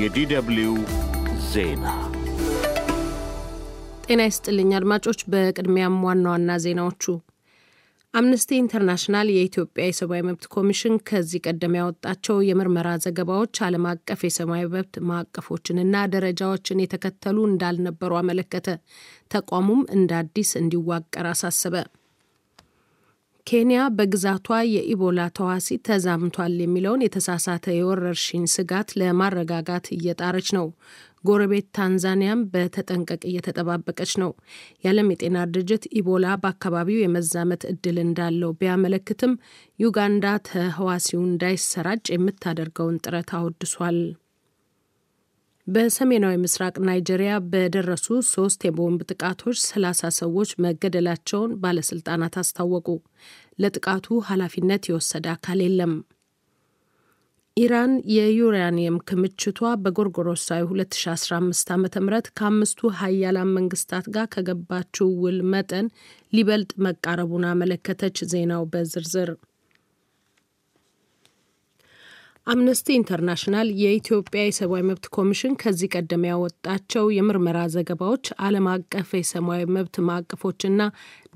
የዲደብሊው ዜና ጤና ይስጥልኝ አድማጮች። በቅድሚያም ዋና ዋና ዜናዎቹ አምነስቲ ኢንተርናሽናል የኢትዮጵያ የሰብአዊ መብት ኮሚሽን ከዚህ ቀደም ያወጣቸው የምርመራ ዘገባዎች ዓለም አቀፍ የሰብአዊ መብት ማዕቀፎችንና ደረጃዎችን የተከተሉ እንዳልነበሩ አመለከተ። ተቋሙም እንደ አዲስ እንዲዋቀር አሳሰበ። ኬንያ በግዛቷ የኢቦላ ተዋሲ ተዛምቷል የሚለውን የተሳሳተ የወረርሽኝ ስጋት ለማረጋጋት እየጣረች ነው። ጎረቤት ታንዛኒያም በተጠንቀቅ እየተጠባበቀች ነው። የዓለም የጤና ድርጅት ኢቦላ በአካባቢው የመዛመት እድል እንዳለው ቢያመለክትም ዩጋንዳ ተህዋሲው እንዳይሰራጭ የምታደርገውን ጥረት አወድሷል። በሰሜናዊ ምስራቅ ናይጄሪያ በደረሱ ሶስት የቦምብ ጥቃቶች ሰላሳ ሰዎች መገደላቸውን ባለስልጣናት አስታወቁ። ለጥቃቱ ኃላፊነት የወሰደ አካል የለም። ኢራን የዩራኒየም ክምችቷ በጎርጎሮሳዊ 2015 ዓ ም ከአምስቱ ሀያላን መንግስታት ጋር ከገባችው ውል መጠን ሊበልጥ መቃረቡን አመለከተች። ዜናው በዝርዝር አምነስቲ ኢንተርናሽናል የኢትዮጵያ የሰብአዊ መብት ኮሚሽን ከዚህ ቀደም ያወጣቸው የምርመራ ዘገባዎች ዓለም አቀፍ የሰብአዊ መብት ማዕቀፎችና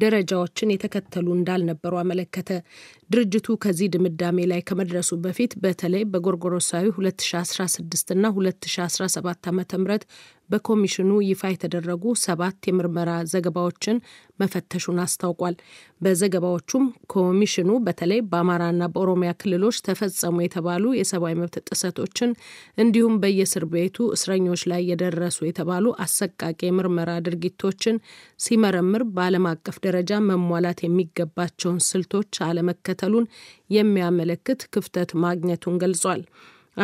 ደረጃዎችን የተከተሉ እንዳልነበሩ አመለከተ። ድርጅቱ ከዚህ ድምዳሜ ላይ ከመድረሱ በፊት በተለይ በጎርጎሮሳዊ 2016 እና 2017 ዓ ም በኮሚሽኑ ይፋ የተደረጉ ሰባት የምርመራ ዘገባዎችን መፈተሹን አስታውቋል። በዘገባዎቹም ኮሚሽኑ በተለይ በአማራና በኦሮሚያ ክልሎች ተፈጸሙ የተባሉ የሰብአዊ መብት ጥሰቶችን እንዲሁም በየእስር ቤቱ እስረኞች ላይ የደረሱ የተባሉ አሰቃቂ የምርመራ ድርጊቶችን ሲመረምር በዓለም አቀፍ ደረጃ መሟላት የሚገባቸውን ስልቶች አለመከተሉን የሚያመለክት ክፍተት ማግኘቱን ገልጿል።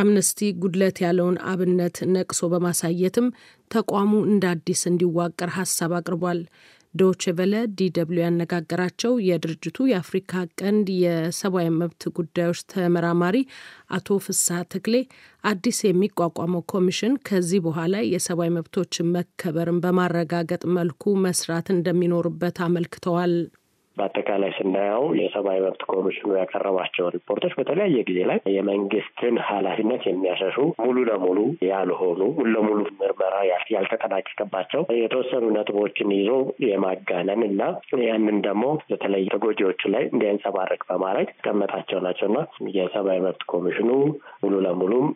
አምነስቲ ጉድለት ያለውን አብነት ነቅሶ በማሳየትም ተቋሙ እንደ አዲስ እንዲዋቀር ሀሳብ አቅርቧል። ዶችቨለ ዲደብሊው ያነጋገራቸው የድርጅቱ የአፍሪካ ቀንድ የሰብአዊ መብት ጉዳዮች ተመራማሪ አቶ ፍስሐ ተክሌ አዲስ የሚቋቋመው ኮሚሽን ከዚህ በኋላ የሰብአዊ መብቶችን መከበርን በማረጋገጥ መልኩ መስራት እንደሚኖርበት አመልክተዋል። በአጠቃላይ ስናየው የሰብአዊ መብት ኮሚሽኑ ያቀረባቸው ሪፖርቶች በተለያየ ጊዜ ላይ የመንግስትን ኃላፊነት የሚያሸሹ ሙሉ ለሙሉ ያልሆኑ ሙሉ ለሙሉ ምርመራ ያልተጠናቀቀባቸው የተወሰኑ ነጥቦችን ይዞ የማጋነን እና ያንን ደግሞ በተለይ ተጎጂዎቹ ላይ እንዲያንጸባረቅ በማድረግ ቀመጣቸው ናቸው እና የሰብአዊ መብት ኮሚሽኑ ሙሉ ለሙሉም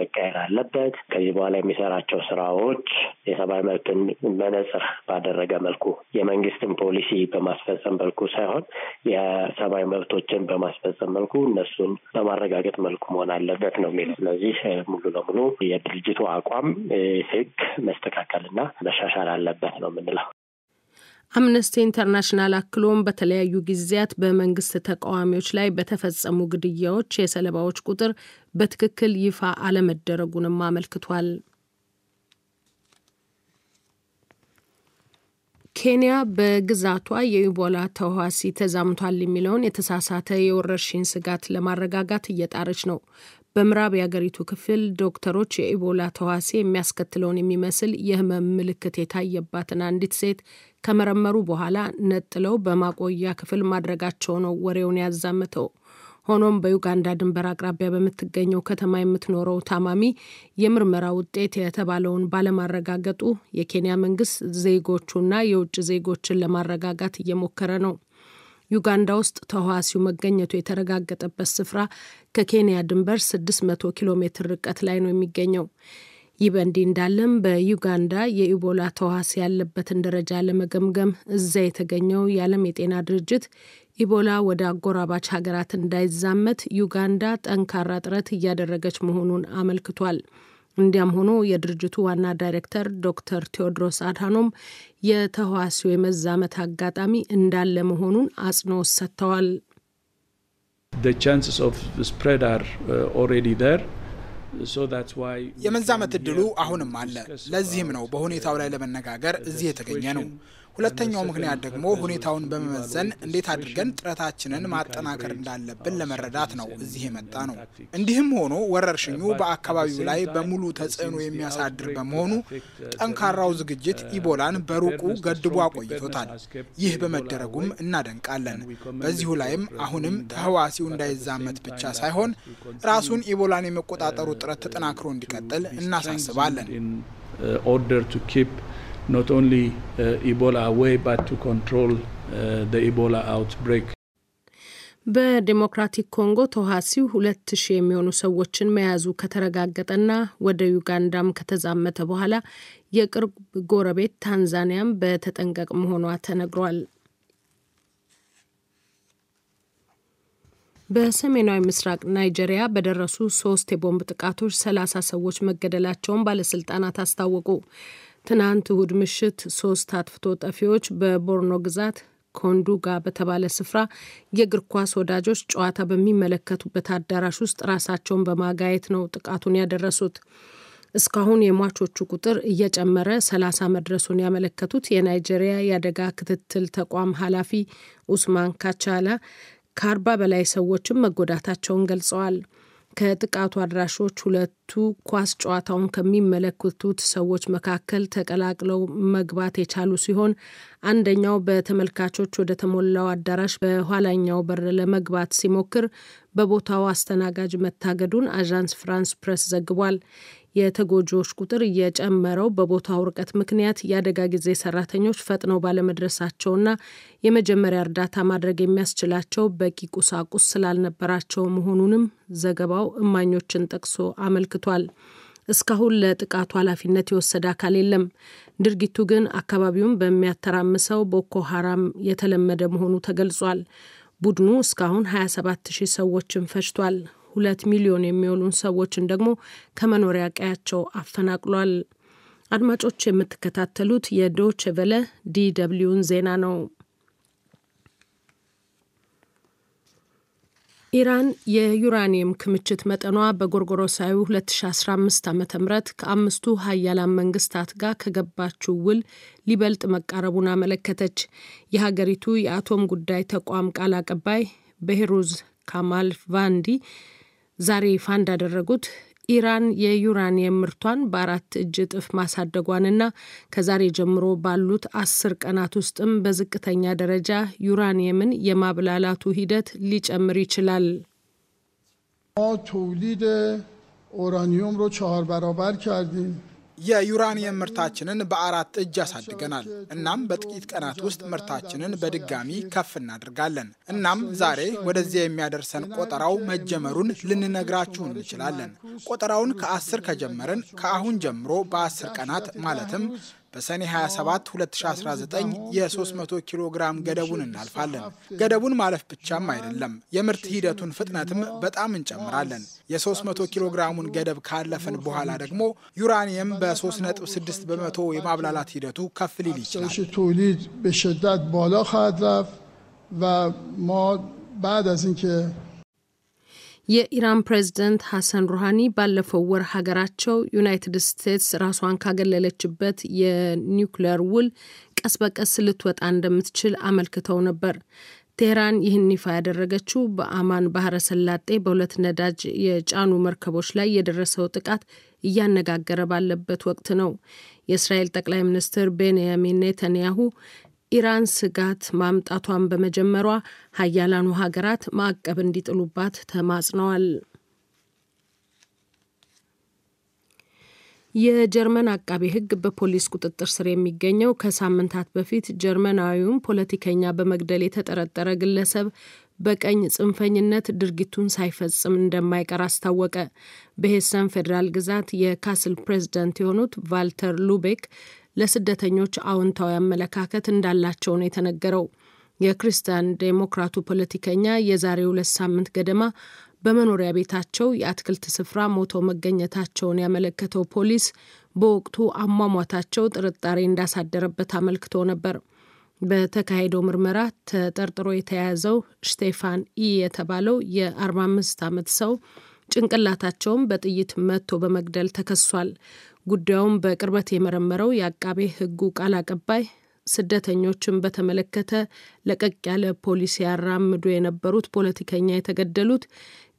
መቀየር አለበት። ከዚህ በኋላ የሚሰራቸው ስራዎች የሰብአዊ መብትን መነጽር ባደረገ መልኩ የመንግስትን ፖሊሲ በማስፈጸም መልኩ ሳይሆን የሰብአዊ መብቶችን በማስፈጸም መልኩ እነሱን በማረጋገጥ መልኩ መሆን አለበት ነው የሚለው። ስለዚህ ሙሉ ለሙሉ የድርጅቱ አቋም ህግ መስተካከልና መሻሻል አለበት ነው የምንለው። አምነስቲ ኢንተርናሽናል አክሎም በተለያዩ ጊዜያት በመንግስት ተቃዋሚዎች ላይ በተፈጸሙ ግድያዎች የሰለባዎች ቁጥር በትክክል ይፋ አለመደረጉንም አመልክቷል። ኬንያ በግዛቷ የኢቦላ ተዋሲ ተዛምቷል የሚለውን የተሳሳተ የወረርሽኝ ስጋት ለማረጋጋት እየጣረች ነው። በምዕራብ የአገሪቱ ክፍል ዶክተሮች የኢቦላ ተዋሴ የሚያስከትለውን የሚመስል የህመም ምልክት የታየባትን አንዲት ሴት ከመረመሩ በኋላ ነጥለው በማቆያ ክፍል ማድረጋቸው ነው ወሬውን ያዛመተው። ሆኖም በዩጋንዳ ድንበር አቅራቢያ በምትገኘው ከተማ የምትኖረው ታማሚ የምርመራ ውጤት የተባለውን ባለማረጋገጡ የኬንያ መንግስት ዜጎቹና የውጭ ዜጎችን ለማረጋጋት እየሞከረ ነው። ዩጋንዳ ውስጥ ተህዋሲው መገኘቱ የተረጋገጠበት ስፍራ ከኬንያ ድንበር 600 ኪሎ ሜትር ርቀት ላይ ነው የሚገኘው። ይህ በእንዲህ እንዳለም በዩጋንዳ የኢቦላ ተዋስ ያለበትን ደረጃ ለመገምገም እዛ የተገኘው የዓለም የጤና ድርጅት ኢቦላ ወደ አጎራባች ሀገራት እንዳይዛመት ዩጋንዳ ጠንካራ ጥረት እያደረገች መሆኑን አመልክቷል። እንዲያም ሆኖ የድርጅቱ ዋና ዳይሬክተር ዶክተር ቴዎድሮስ አድሃኖም የተህዋሲው የመዛመት አጋጣሚ እንዳለ መሆኑን አጽንኦት ሰጥተዋል። uh, የመዛመት እድሉ አሁንም አለ። ለዚህም ነው በሁኔታው ላይ ለመነጋገር እዚህ የተገኘ ነው። ሁለተኛው ምክንያት ደግሞ ሁኔታውን በመመዘን እንዴት አድርገን ጥረታችንን ማጠናከር እንዳለብን ለመረዳት ነው እዚህ የመጣ ነው። እንዲህም ሆኖ ወረርሽኙ በአካባቢው ላይ በሙሉ ተጽዕኖ የሚያሳድር በመሆኑ ጠንካራው ዝግጅት ኢቦላን በሩቁ ገድቦ አቆይቶታል። ይህ በመደረጉም እናደንቃለን። በዚሁ ላይም አሁንም ተህዋሲው እንዳይዛመት ብቻ ሳይሆን ራሱን ኢቦላን የመቆጣጠሩ ጥረት ተጠናክሮ እንዲቀጥል እናሳስባለን። uh, not only uh, Ebola away, but to control uh, the Ebola outbreak. በዴሞክራቲክ ኮንጎ ተዋሲው ሁለት ሺ የሚሆኑ ሰዎችን መያዙ ከተረጋገጠና ወደ ዩጋንዳም ከተዛመተ በኋላ የቅርብ ጎረቤት ታንዛኒያም በተጠንቀቅ መሆኗ ተነግሯል። በሰሜናዊ ምስራቅ ናይጄሪያ በደረሱ ሶስት የቦምብ ጥቃቶች ሰላሳ ሰዎች መገደላቸውን ባለስልጣናት አስታወቁ። ትናንት እሁድ ምሽት ሶስት አጥፍቶ ጠፊዎች በቦርኖ ግዛት ኮንዱጋ በተባለ ስፍራ የእግር ኳስ ወዳጆች ጨዋታ በሚመለከቱበት አዳራሽ ውስጥ ራሳቸውን በማጋየት ነው ጥቃቱን ያደረሱት። እስካሁን የሟቾቹ ቁጥር እየጨመረ ሰላሳ መድረሱን ያመለከቱት የናይጄሪያ የአደጋ ክትትል ተቋም ኃላፊ ኡስማን ካቻላ ከአርባ በላይ ሰዎችም መጎዳታቸውን ገልጸዋል። ከጥቃቱ አድራሾች ሁለቱ ኳስ ጨዋታውን ከሚመለከቱት ሰዎች መካከል ተቀላቅለው መግባት የቻሉ ሲሆን አንደኛው በተመልካቾች ወደ ተሞላው አዳራሽ በኋላኛው በር ለመግባት ሲሞክር በቦታው አስተናጋጅ መታገዱን አዣንስ ፍራንስ ፕሬስ ዘግቧል። የተጎጂዎች ቁጥር እየጨመረው በቦታው ርቀት ምክንያት የአደጋ ጊዜ ሰራተኞች ፈጥነው ባለመድረሳቸውና የመጀመሪያ እርዳታ ማድረግ የሚያስችላቸው በቂ ቁሳቁስ ስላልነበራቸው መሆኑንም ዘገባው እማኞችን ጠቅሶ አመልክቷል። እስካሁን ለጥቃቱ ኃላፊነት የወሰደ አካል የለም። ድርጊቱ ግን አካባቢውን በሚያተራምሰው ቦኮ ሀራም የተለመደ መሆኑ ተገልጿል። ቡድኑ እስካሁን 27 ሺህ ሰዎችን ፈጅቷል። ሁለት ሚሊዮን የሚሆኑን ሰዎችን ደግሞ ከመኖሪያ ቀያቸው አፈናቅሏል። አድማጮች የምትከታተሉት የዶች ቨለ ዲ ደብልዩን ዜና ነው። ኢራን የዩራኒየም ክምችት መጠኗ በጎርጎሮሳዊ 2015 ዓ ም ከአምስቱ ሀያላን መንግስታት ጋር ከገባችው ውል ሊበልጥ መቃረቡን አመለከተች። የሀገሪቱ የአቶም ጉዳይ ተቋም ቃል አቀባይ በሄሩዝ ካማል ቫንዲ ዛሬ ይፋ እንዳደረጉት ኢራን የዩራኒየም ምርቷን በአራት እጅ እጥፍ ማሳደጓንና ከዛሬ ጀምሮ ባሉት አስር ቀናት ውስጥም በዝቅተኛ ደረጃ ዩራኒየምን የማብላላቱ ሂደት ሊጨምር ይችላል። ኦራኒየም ሮ የዩራኒየም ምርታችንን በአራት እጅ አሳድገናል። እናም በጥቂት ቀናት ውስጥ ምርታችንን በድጋሚ ከፍ እናደርጋለን። እናም ዛሬ ወደዚያ የሚያደርሰን ቆጠራው መጀመሩን ልንነግራችሁ እንችላለን። ቆጠራውን ከአስር ከጀመርን ከአሁን ጀምሮ በአስር ቀናት ማለትም በሰኔ 27 2019 የ300 ኪሎ ግራም ገደቡን እናልፋለን። ገደቡን ማለፍ ብቻም አይደለም፣ የምርት ሂደቱን ፍጥነትም በጣም እንጨምራለን። የ300 ኪሎ ግራሙን ገደብ ካለፍን በኋላ ደግሞ ዩራኒየም በ3.6 በመቶ የማብላላት ሂደቱ ከፍ ሊል ይችላል። تولید به شدت የኢራን ፕሬዝደንት ሐሰን ሩሃኒ ባለፈው ወር ሀገራቸው ዩናይትድ ስቴትስ ራሷን ካገለለችበት የኒውክሊየር ውል ቀስ በቀስ ልትወጣ እንደምትችል አመልክተው ነበር። ቴህራን ይህን ይፋ ያደረገችው በአማን ባህረ ሰላጤ በሁለት ነዳጅ የጫኑ መርከቦች ላይ የደረሰው ጥቃት እያነጋገረ ባለበት ወቅት ነው። የእስራኤል ጠቅላይ ሚኒስትር ቤንያሚን ኔተንያሁ ኢራን ስጋት ማምጣቷን በመጀመሯ ሀያላኑ ሀገራት ማዕቀብ እንዲጥሉባት ተማጽነዋል። የጀርመን አቃቤ ሕግ በፖሊስ ቁጥጥር ስር የሚገኘው ከሳምንታት በፊት ጀርመናዊውን ፖለቲከኛ በመግደል የተጠረጠረ ግለሰብ በቀኝ ጽንፈኝነት ድርጊቱን ሳይፈጽም እንደማይቀር አስታወቀ። በሄሰን ፌዴራል ግዛት የካስል ፕሬዝዳንት የሆኑት ቫልተር ሉቤክ ለስደተኞች አዎንታዊ አመለካከት እንዳላቸው ነው የተነገረው። የክርስቲያን ዴሞክራቱ ፖለቲከኛ የዛሬ ሁለት ሳምንት ገደማ በመኖሪያ ቤታቸው የአትክልት ስፍራ ሞተው መገኘታቸውን ያመለከተው ፖሊስ በወቅቱ አሟሟታቸው ጥርጣሬ እንዳሳደረበት አመልክቶ ነበር። በተካሄደው ምርመራ ተጠርጥሮ የተያያዘው ስቴፋን ኢ የተባለው የ45 ዓመት ሰው ጭንቅላታቸውን በጥይት መትቶ በመግደል ተከሷል። ጉዳዩን በቅርበት የመረመረው የአቃቤ ሕጉ ቃል አቀባይ ስደተኞችን በተመለከተ ለቀቅ ያለ ፖሊሲ ያራምዱ የነበሩት ፖለቲከኛ የተገደሉት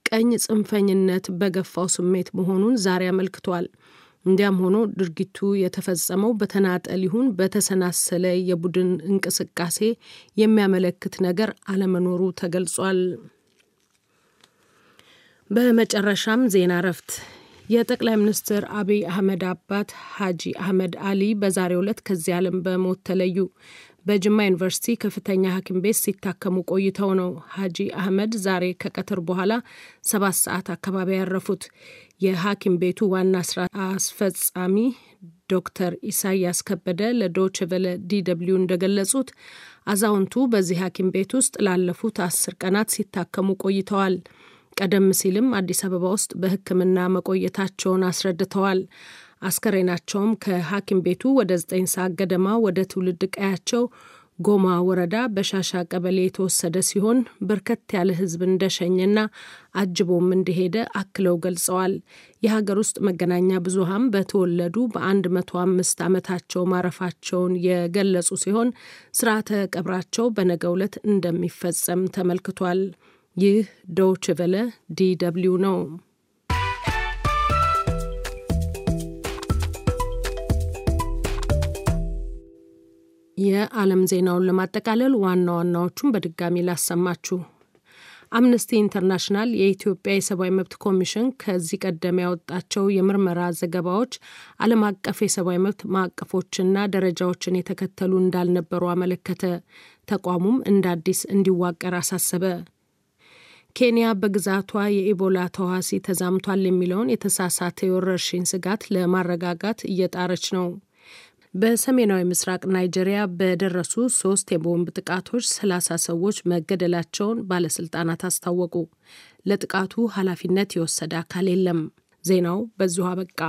ቀኝ ጽንፈኝነት በገፋው ስሜት መሆኑን ዛሬ አመልክቷል። እንዲያም ሆኖ ድርጊቱ የተፈጸመው በተናጠል ይሁን በተሰናሰለ የቡድን እንቅስቃሴ የሚያመለክት ነገር አለመኖሩ ተገልጿል። በመጨረሻም ዜና እረፍት የጠቅላይ ሚኒስትር አብይ አህመድ አባት ሀጂ አህመድ አሊ በዛሬው ዕለት ከዚህ ዓለም በሞት ተለዩ። በጅማ ዩኒቨርሲቲ ከፍተኛ ሐኪም ቤት ሲታከሙ ቆይተው ነው ሀጂ አህመድ ዛሬ ከቀትር በኋላ ሰባት ሰዓት አካባቢ ያረፉት። የሐኪም ቤቱ ዋና ስራ አስፈጻሚ ዶክተር ኢሳያስ ከበደ ለዶችቨለ ቨለ እንደገለጹት አዛውንቱ በዚህ ሐኪም ቤት ውስጥ ላለፉት አስር ቀናት ሲታከሙ ቆይተዋል። ቀደም ሲልም አዲስ አበባ ውስጥ በሕክምና መቆየታቸውን አስረድተዋል። አስከሬናቸውም ከሐኪም ቤቱ ወደ ዘጠኝ ሰዓት ገደማ ወደ ትውልድ ቀያቸው ጎማ ወረዳ በሻሻ ቀበሌ የተወሰደ ሲሆን በርከት ያለ ህዝብ እንደሸኘና አጅቦም እንደሄደ አክለው ገልጸዋል። የሀገር ውስጥ መገናኛ ብዙሃን በተወለዱ በ አምስት ዓመታቸው ማረፋቸውን የገለጹ ሲሆን ስርዓተ ቀብራቸው በነገው ዕለት እንደሚፈጸም ተመልክቷል። ይህ ዶች ቨለ ዲደብልዩ ነው። የዓለም ዜናውን ለማጠቃለል ዋና ዋናዎቹን በድጋሚ ላሰማችሁ። አምነስቲ ኢንተርናሽናል የኢትዮጵያ የሰብአዊ መብት ኮሚሽን ከዚህ ቀደም ያወጣቸው የምርመራ ዘገባዎች ዓለም አቀፍ የሰብአዊ መብት ማዕቀፎችና ደረጃዎችን የተከተሉ እንዳልነበሩ አመለከተ። ተቋሙም እንደ አዲስ እንዲዋቀር አሳሰበ። ኬንያ በግዛቷ የኢቦላ ተዋሲ ተዛምቷል የሚለውን የተሳሳተ የወረርሽኝ ስጋት ለማረጋጋት እየጣረች ነው። በሰሜናዊ ምስራቅ ናይጄሪያ በደረሱ ሶስት የቦምብ ጥቃቶች ሰላሳ ሰዎች መገደላቸውን ባለስልጣናት አስታወቁ። ለጥቃቱ ኃላፊነት የወሰደ አካል የለም። ዜናው በዚሁ አበቃ።